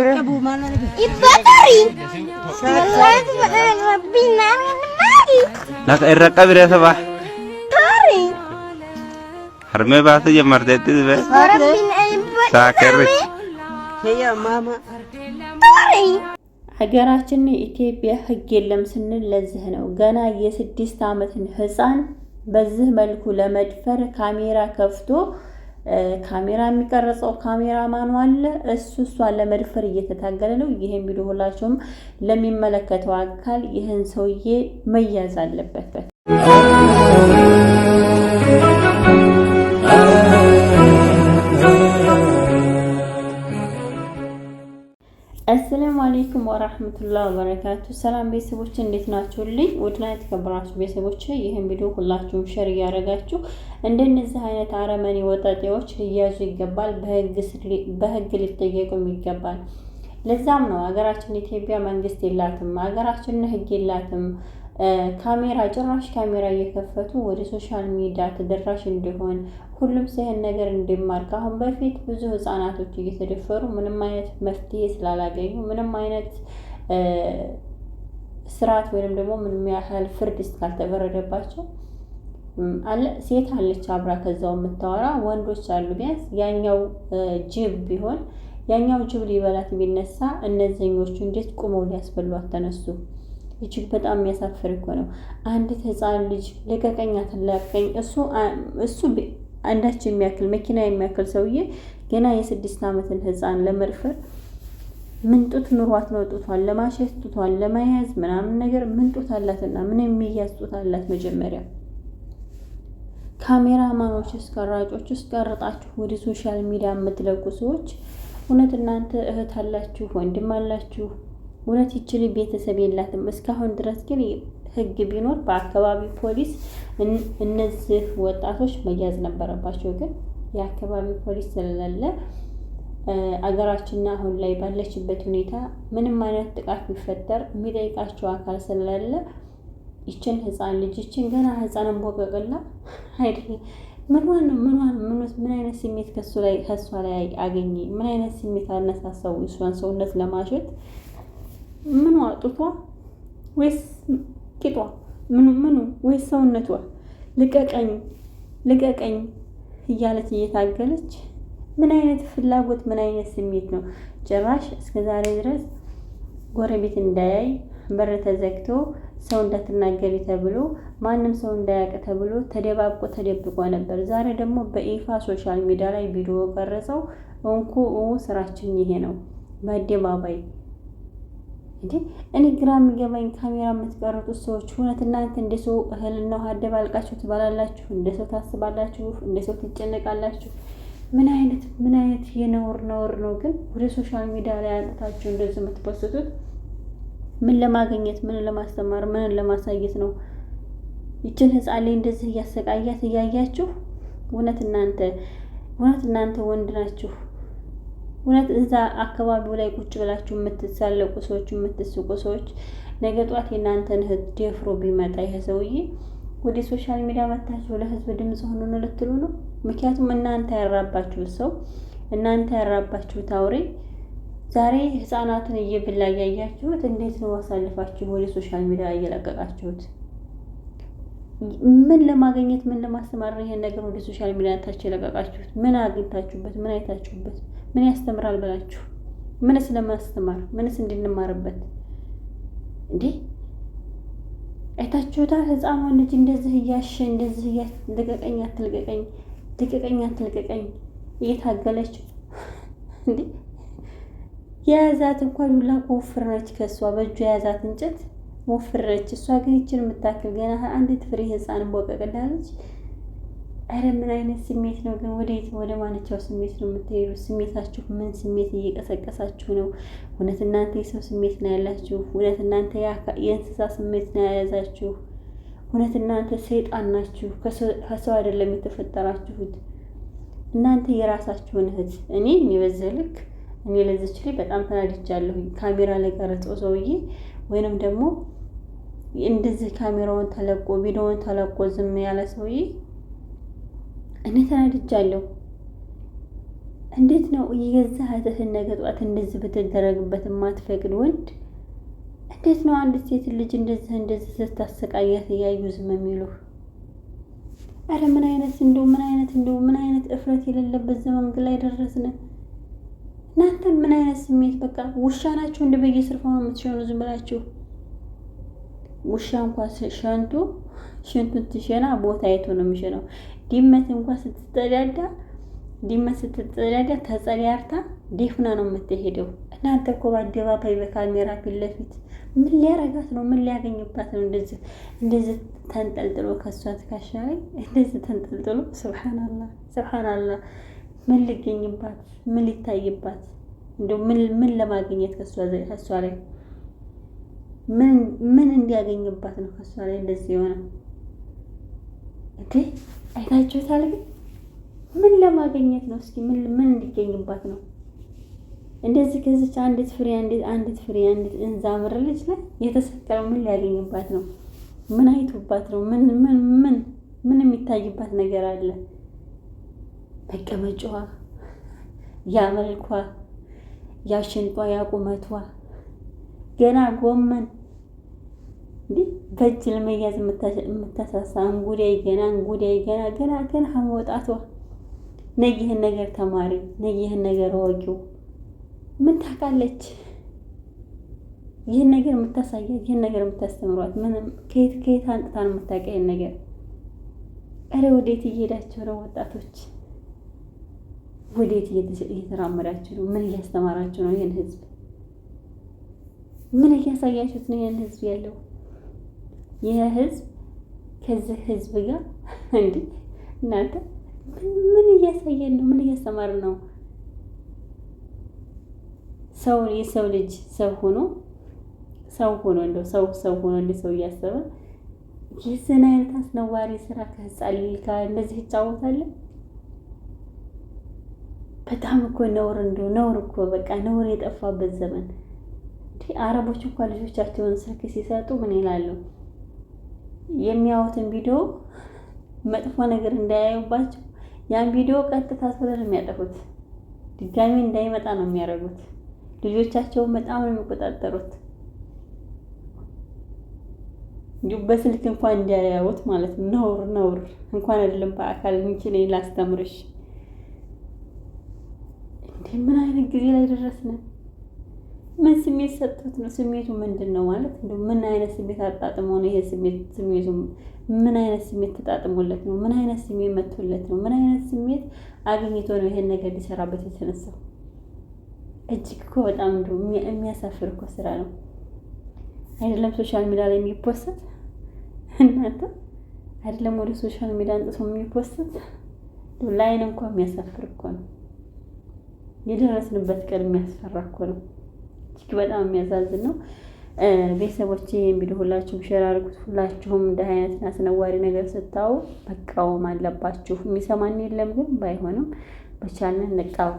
irra qabire sabaa harmee baasuu jammarteettis bee saakerri ሀገራችን ኢትዮጵያ ህግ የለም ስንል ለዚህ ነው። ገና የስድስት ዓመትን ህፃን በዚህ መልኩ ለመድፈር ካሜራ ከፍቶ ካሜራ የሚቀረጸው ካሜራ ማኑ አለ። እሱ እሷን ለመድፈር እየተታገለ ነው። ይህን ቢሉ ሁላቸውም ለሚመለከተው አካል ይህን ሰውዬ መያዝ አለበት። አለይኩም ወራህመቱላ ወበረካቱ። ሰላም ቤተሰቦች እንዴት ናችሁልኝ? ውድና የተከበራችሁ ቤተሰቦች ይህን ቪዲዮ ሁላችሁም ሸር እያደረጋችሁ እንደነዚህ አይነት አረመኔ ወጣጤዎች ሊያዙ ይገባል፣ በህግ ሊጠየቁም ይገባል። ለዛም ነው ሀገራችን ኢትዮጵያ መንግስት የላትም፣ ሀገራችን ህግ የላትም። ካሜራ ጭራሽ ካሜራ እየከፈቱ ወደ ሶሻል ሚዲያ ተደራሽ እንዲሆን ሁሉም ሲህን ነገር እንዲማር ከአሁን በፊት ብዙ ህጻናቶች እየተደፈሩ ምንም አይነት መፍትሄ ስላላገኙ ምንም አይነት ስርዓት ወይንም ደግሞ ምንም ያህል ፍርድ ስላልተፈረደባቸው አለ ሴት አለች አብራ ከዛው የምታወራ ወንዶች አሉ። ቢያንስ ያኛው ጅብ ቢሆን ያኛው ጅብ ሊበላት ቢነሳ እነዚህኞቹ እንዴት ቁመው ሊያስበሏት ተነሱ። እጅግ በጣም የሚያሳፍር እኮ ነው። አንዲት ህፃን ልጅ ለቀቀኛ አትላቀኝ እሱ እሱ አንዳች የሚያክል መኪና የሚያክል ሰውዬ ገና የስድስት ዓመትን ህፃን ለመድፈር ምንጡት ኑሯት ነው ጡቷን ለማሸት ጡቷን ለመያዝ ምናምን ነገር ምንጡት አላትና ምን የሚያዝ ጡት አላት መጀመሪያ ካሜራማኖች ማኖች ቀራጮች ውስጥ ቀርጣችሁ ወደ ሶሻል ሚዲያ የምትለቁ ሰዎች እውነት እናንተ እህት አላችሁ ወንድም አላችሁ እውነት ይችል ቤተሰብ የላትም። እስካሁን ድረስ ግን ህግ ቢኖር በአካባቢ ፖሊስ እነዚህ ወጣቶች መያዝ ነበረባቸው። ግን የአካባቢ ፖሊስ ስለሌለ አገራችንና አሁን ላይ ባለችበት ሁኔታ ምንም አይነት ጥቃት ቢፈጠር የሚጠይቃቸው አካል ስለሌለ ይችን ህፃን ልጅ ይችን ገና ህፃንን ቦቀቅላ አይደለም ምን አይነት ስሜት ከሱ ላይ ከሷ ላይ አገኘ? ምን አይነት ስሜት አነሳሳው እሷን ሰውነት ለማሸት ምኑ አጡቷ ወይስ ቂጧ? ምኑ ምኑ ወይስ ሰውነቷ? ልቀቀኝ ልቀቀኝ እያለች እየታገለች ምን አይነት ፍላጎት ምን አይነት ስሜት ነው? ጭራሽ እስከ ዛሬ ድረስ ጎረቤት እንዳያይ በር ተዘግቶ ሰው እንዳትናገሪ ተብሎ ማንም ሰው እንዳያውቅ ተብሎ ተደባብቆ ተደብቆ ነበር። ዛሬ ደግሞ በይፋ ሶሻል ሚዲያ ላይ ቪዲዮ ቀረጸው እንኩ ስራችን ይሄ ነው በአደባባይ እንዴ እኔ ግራ የሚገባኝ ካሜራ የምትቀርጡት ሰዎች እውነት እናንተ እንደ ሰው እህልና ውሃ አደባልቃችሁ ትባላላችሁ? እንደ ሰው ታስባላችሁ? እንደ ሰው ትጨነቃላችሁ? ምን አይነት ምን አይነት የነውር ነውር ነው ግን ወደ ሶሻል ሚዲያ ላይ አምጥታችሁ እንደዚህ የምትፖስቱት? ምን ለማግኘት፣ ምን ለማስተማር፣ ምን ለማሳየት ነው? ይችን ህፃን ላይ እንደዚህ እያሰቃያት እያያችሁ እውነት እናንተ እውነት እናንተ ወንድ ናችሁ? እውነት እዛ አካባቢው ላይ ቁጭ ብላችሁ የምትሳለቁ ሰዎች፣ የምትስቁ ሰዎች ነገ ጧት የእናንተን ህዝብ ደፍሮ ቢመጣ ይሄ ሰውዬ ወደ ሶሻል ሚዲያ መታችሁ ለህዝብ ድምፅ ሆኑ ነው ልትሉ ነው? ምክንያቱም እናንተ ያራባችሁ ሰው እናንተ ያራባችሁት አውሬ ዛሬ ህፃናትን እየብላ እያያችሁት እንዴት ነው አሳልፋችሁ ወደ ሶሻል ሚዲያ እየለቀቃችሁት? ምን ለማግኘት ምን ለማስተማር ይሄን ነገር ወደ ሶሻል ሚዲያ ታችሁ የለቀቃችሁት? ምን አግኝታችሁበት? ምን አይታችሁበት? ምን ያስተምራል ብላችሁ ምንስ ለማስተማር ምንስ እንድንማርበት እንዴ አይታችሁታል ህፃኗን ልጅ እንደዚህ እያሸ እንደዚህ እያ ልቀቀኝ አትልቀቀኝ ልቀቀኝ አትልቀቀኝ እየታገለች እንዴ የያዛት እንኳን ዱላ እኮ ከእሷ በእጁ የያዛት እንጨት ወፍረች እሷ ግን ይችን የምታክል ገና አንዲት ፍሬ ህፃን ቦቀቅላለች እረ ምን አይነት ስሜት ነው ግን? ወደየት ወደ ማንቻው ስሜት ነው የምትሄዱ? ስሜታችሁ ምን ስሜት እየቀሰቀሳችሁ ነው? እውነት እናንተ የሰው ስሜት ነው ያላችሁ? እውነት እናንተ የእንስሳ ስሜት ነው የያዛችሁ? እውነት እናንተ ሰይጣን ናችሁ? ከሰው አይደለም የተፈጠራችሁት። እናንተ የራሳችሁ እህት እኔ እኔ በዚህ ልክ እኔ ለዚች ላይ በጣም ተናድጃለሁኝ። ካሜራ ላይ ቀረጸው ሰውዬ ወይንም ደግሞ እንደዚህ ካሜራውን ተለቆ ቪዲዮውን ተለቆ ዝም ያለ ሰውዬ እኔ ተናድጃለሁ። እንዴት ነው የገዛ እህትህን ነገ እንደዚህ ብትደረግበት የማትፈቅድ ወንድ? እንዴት ነው አንድ ሴት ልጅ እንደዚህ እንደዚህ ስታሰቃያት እያዩ ዝም የሚሉህ? አረ ምን አይነት እንደው ምን አይነት እንደው ምን አይነት እፍረት የሌለበት ዘመን ላይ ደረስን። እናንተ ምን አይነት ስሜት በቃ ውሻ ናችሁ እንደ በየስርፋ የምትሸኑ ዝም ብላችሁ ውሻ እንኳ ሸንቱ? ሽንቱን ትሸና ቦታ የቱ ነው የሚሸነው? ድመት እንኳን ስትጸዳዳ ድመት ስትጸዳዳ ተጸዳርታ ዴፍና ነው የምትሄደው። እናንተ እኮ በአደባባይ በካሜራ ፊት ለፊት ምን ሊያረጋት ነው? ምን ሊያገኝባት ነው? እንደዚህ እንደዚህ ተንጠልጥሎ ከሷ ትከሻ ላይ እንደዚህ ተንጠልጥሎ፣ ስብሓናላ ስብሓናላ። ምን ሊገኝባት? ምን ሊታይባት? እንደው ምን ምን ለማግኘት ከሷ ላይ ምን እንዲያገኝባት ነው ከሷ ላይ እንደዚህ የሆነ እንዴ? አይታችሁታል? ግን ምን ለማገኘት ነው? እስኪ ምን ምን እንዲገኝባት ነው? እንደዚህ ከዚች አንዲት ፍሬ አንዲት ፍሬ አንዲት እንዛምር ልጅ ላይ የተሰቀለው ምን ሊያገኝባት ነው? ምን አይቶባት ነው? ምን ምን ምን ምን የሚታይባት ነገር አለ? መቀመጫዋ፣ ያመልኳ፣ ያሸንጧ ያቁመቷ ገና ጎመን እንዲህ በእጅ ለመያዝ የምታሳሳ እንጉዳይ ገና እንጉዳይ ገና ገና ገና ከመውጣቷ ነይ ይህን ነገር ተማሪ ነይ ይህን ነገር አዋቂው ምን ታውቃለች? ይህን ነገር የምታሳያት ይህን ነገር የምታስተምሯት ምንም ከየት ከየት አንጥታን የምታውቀው ይህን ነገር እረ ወዴት እየሄዳችሁ ነው ወጣቶች? ወዴት እየተራመዳችሁ ነው? ምን እያስተማራችሁ ነው? ይህን ህዝብ ምን እያሳያችሁት ነው? ይህን ህዝብ ያለው ይህ ህዝብ ከዚህ ህዝብ ጋር እንዲ እናንተ ምን እያሳየን ነው? ምን እያስተማር ነው? ሰው የሰው ልጅ ሰው ሆኖ ሰው ሆኖ እንደው ሰው ሰው ሆኖ እንደ ሰው እያሰበ የዚህን አይነት አስነዋሪ ስራ ከህፃን ልጅ እንደዚህ ይጫወታለን። በጣም እኮ ነውር እንደው ነውር እኮ በቃ ነውር የጠፋበት ዘመን። አረቦች እንኳን ልጆቻቸውን ስልክ ሲሰጡ ምን ይላሉ? የሚያዩትን ቪዲዮ መጥፎ ነገር እንዳያዩባቸው ያን ቪዲዮ ቀጥታ ስለ ነው የሚያጠፉት። ድጋሚ እንዳይመጣ ነው የሚያደርጉት። ልጆቻቸውን በጣም ነው የሚቆጣጠሩት። እንዲሁ በስልክ እንኳን እንዲያያዩት ማለት ነው። ነውር ነውር እንኳን አይደለም በአካል እንችል ላስተምርሽ እንዴ! ምን አይነት ጊዜ ላይ ደረስን? ምን ስሜት ሰጡት ነው? ስሜቱ ምንድን ነው ማለት እንደ ምን አይነት ስሜት አጣጥሞ ነው ይሄ ስሜት? ስሜቱ ምን አይነት ስሜት ተጣጥሞለት ነው? ምን አይነት ስሜት መጥቶለት ነው? ምን አይነት ስሜት አግኝቶ ነው ይሄን ነገር ሊሰራበት የተነሳው? እጅግ እኮ በጣም እንደ የሚያሳፍር እኮ ስራ ነው አይደለም? ሶሻል ሚዲያ ላይ የሚፖስት እናንተ አይደለም? ወደ ሶሻል ሚዲያ አንጥሶ የሚፖስት ላይን እንኳ የሚያሳፍር እኮ ነው። የደረስንበት ቀን የሚያስፈራ እኮ ነው። እጅግ በጣም የሚያሳዝን ነው። ቤተሰቦች የሚሉ ሁላችሁም ሼር አድርጉት። ሁላችሁም እንደ አይነት አስነዋሪ ነገር ስታው መቃወም አለባችሁ። የሚሰማን የለም ግን ባይሆንም በቻልን እንቃወም።